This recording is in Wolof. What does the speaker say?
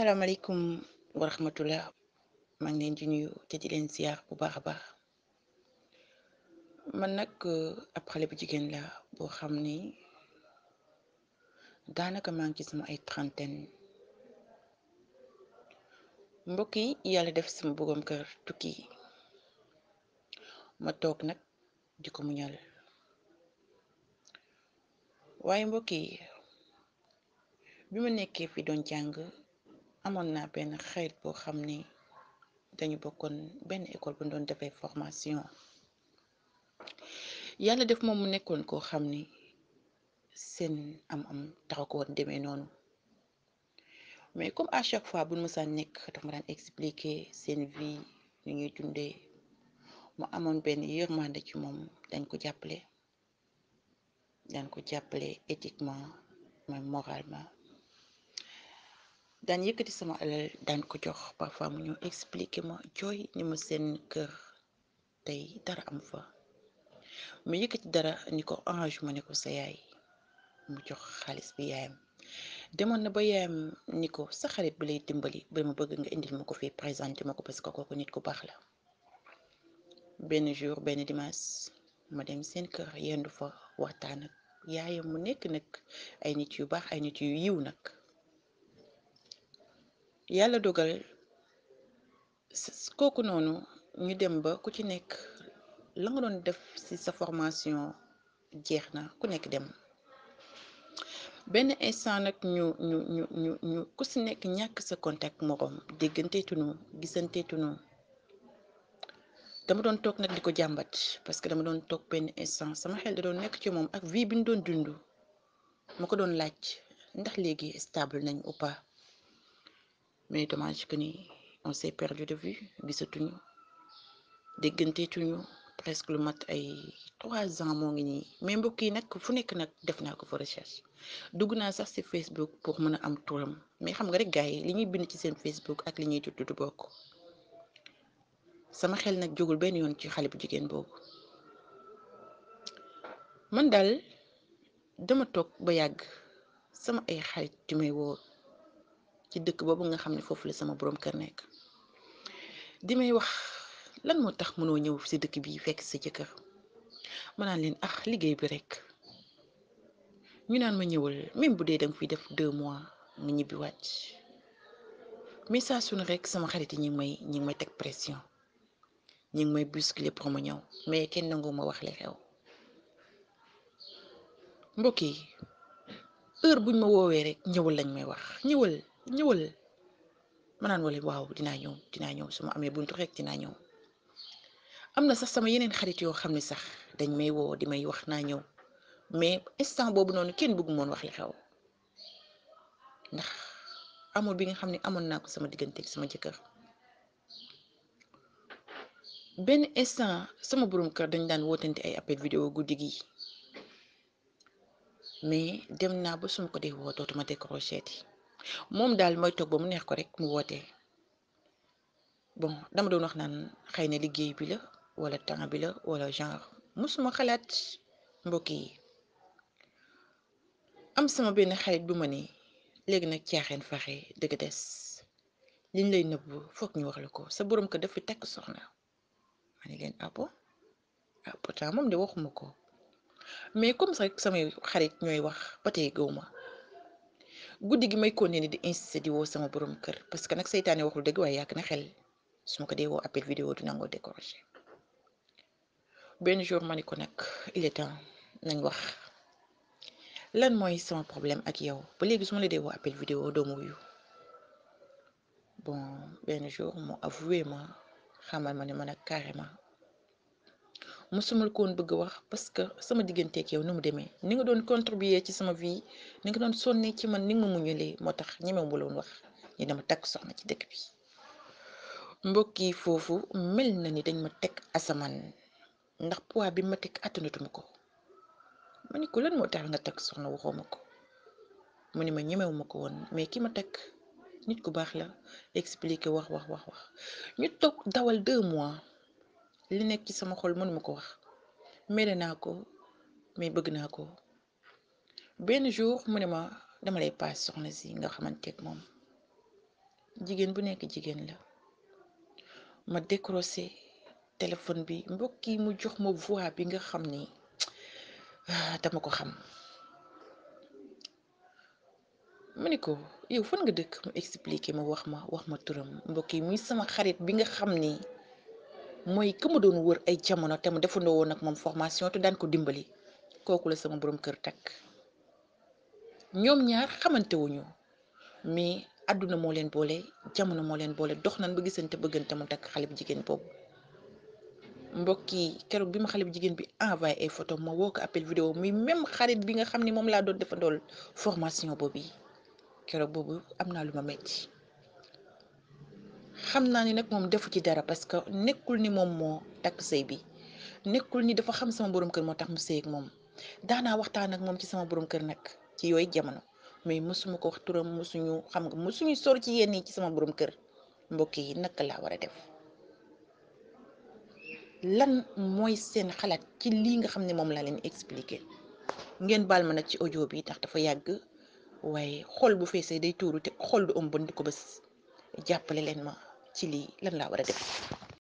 Assalamualaikum warahmatullah mang len di nuyu te di len ziar bu baax baax man nak ab xale bu jigen la bo xamni danaka mang ci sama ay trentaine mbokk yi def sama boroom keur tukki ma tok nak di ko muñal waye mbokk yi bi fi don jang amoon na benn xarit boo xam ni dañu bokkoon benn école bu doon defee formation yala def moom mu nekkoon koo xam ni seen am-am taxa ko woon demee noonu mais comme à chaque fois bu nu mësaan nekk dafa ma daan expliquer seen vie nu ñuy dundee mu amoon benn yërmande ci moom dañ ko jàppale dañ ko jàppale éthiquement mais moralement. daan yëkkati sama alal daan ko jox parfois mu ñu expliquer ma jooy ni ma seen kër tey dara am fa mu yëkkati dara ni ko Orange ma ne ko sa yaay mu jox xaalis bi yaayam demoon na ba yaayam ni ko sa xarit bi lay dimbali ba mu bëgg nga indi ma ko fii présenté ma ko parce que kooku nit ku baax la benn jour benn dimanche ma dem seen kër yendu fa waxtaan ak yaayam mu nekk nag ay nit yu baax ay nit yu yiw nag yàlla dogal kooku noonu ñu dem ba ku ci nekk la nga doon def ci sa formation jeex na ku nekk dem benn instant nag ñu ñu ñu ñu ñu ku ci nekk ñàkk sa contact moroom dégganteetunu gisanteetunu dama doon toog nag di ko jàmbat parce que dama doon toog benn instant sama xel da doon nekk ci moom ak vie bi ñu doon dund ma ko doon laaj ndax léegi stable nañ ou mais dommage que ni on s'est perdu de vue gisatuñu dégganteetuñu presque le mat ay 3 ans moo ngi nii mais mbokk yi nag fu nekk nag def naa ko fo recherche dugg sax ci Facebook pour mën am touram mais xam nga rek gars yi li ñuy bind ci seen Facebook ak li ñuy tudd du bokk sama xel nak jogul ben yoon ci xale bu jigéen boobu man daal dama tok ba yagg sama ay xarit di may woo ci dëkk boobu nga xam ne foofu la sama borom kër nekk di may wax lan moo tax mënoo ñëw si dëkk bi fekk sa jëkkër ma naan leen ah liggéey bi rek ñu naan ma ñëwal même bu dee danga fiy def deux mois nga ñibbi wàcc mais sunu su rek sama xarit yi ñu may ñu ngi teg pression ñu ngi may bousculer pour ma ñëw mais kenn nangu ma wax li xew mbokk yi heure buñ ma woowee rek ñëwal lañ may wax ñëwal ñëwal ma naan wala waaw dinaa ñëw dinaa ñëw su ma amee buntu rek dinaa ñëw am na sax sama yeneen xarit yoo xam ne sax dañ may woo di may wax naa ñëw mais instant boobu noonu kenn bëggu moon wax li xew ndax amoon bi nga xam ne amoon naa ko sama diggante sama jëkkër benn instant sama borom kër dañ daan wootante ay appel vidéo guddi gi mais dem naa ba suma ko dee woo dootuma décroché ti moom daal moy toog ba mu neex ko rek mu wootee bon dama doon wax naan xëy na liggéey bi la wala temps bi la wala genre mosuma xalaat mbokk yi am sama benn xarit bu ma ni léegi nag caaxeen faxe dëgg des liñ lay nëbb foog ñu wax la ko sa borom ko daf fi takk soxna ma ne leen ah bon ah moom de waxuma ko mais comme ça rek samay xarit ñooy wax ba tey ma guddi gi may continuer di insister di wo sama borom kër parce que nag seytaane waxul deug way yak na xel su ma ko dee appel vidéo du nango décrocher benn jour ma ni il est temps nañ wax lan moy sama problème ak yow ba légui su la dee woo appel vidéo doomu wuyu bon benn jour mu avoué ma xamal ma ne man ak carrément mosuma ko won bëgg wax parce que sama ak yow numu démé ni nga doon contribuer ci sama vie ni nga doon sonné ci man ni nga ma muñulee moo tax ñemewu loon wax ñi dama takk soxna ci dëkk bi mbokk yi foofu mel ni dañ ma tek asaman ndax poids bi ma tek atunatu mako mani ko lan moo tax nga takk soxna waxoo ko ma ñëmé wu mako won mais ki ma tek nit ku bax la expliquer wax wax wax wax ñu tok dawal 2 mois li nekk ci sama xol ma ko wax mere naa ko mais bëgg naa ko benn jour mu ne ma dama lay paas soxna si nga xamanteek moom jigéen bu nekk jigéen la ma décroché téléphone bi mbokk yi mu jox ma voix bi nga xam ni ah, dama ko xam mu ne ko yow fan nga dëkk mu expliqué ma wax ma wax ma turam mbokk yi muy sama xarit bi nga xam ni mooy ku ma doon wër ay jamono te mu defandoo woon ak moom formation te daan ko dimbali kooku la sama boroom kër takk ñoom ñaar xamantewuñu wuñu adduna moo leen boole jamono moo leen boole dox nañ ba gisante bëggante mu takk xale bu jigéen boobu mbokk yi keroog bi ma xale bu jigéen bi envoyé ay photo ma woo ko appel vidéo muy même xarit bi nga xam ne moom laa doon defandool formation boobu yi keroog boobu am naa lu ma metti xam naa ni nag moom defu ci dara parce que nekkul ni moom moo takk sëy bi nekkul ni dafa xam sama boroom kër moo tax mu sëy ak moom daanaa waxtaan ak moom ci sama boroom kër nag ci yooyu jamono mais mosuma ko wax turam mosuñu xam nga mosuñu sor ci yenn yi ci sama borom kër mbokk yi naka laa war a def lan mooy seen xalaat ci lii nga xam ne moom laa leen expliquer ngeen baal ma nag ci audio bi tax dafa yàgg waaye xol bu feesee day tuuru te xol du ëmb di ko bés jàppale leen ma சிலி லங்லா வருது